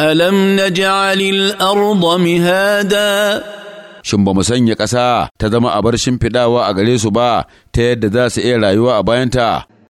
ألم نجعل الأرض مهادا Shin ba mu sanya ƙasa ta zama abar shimfiɗawa a gare su ba ta yadda za su iya rayuwa a bayanta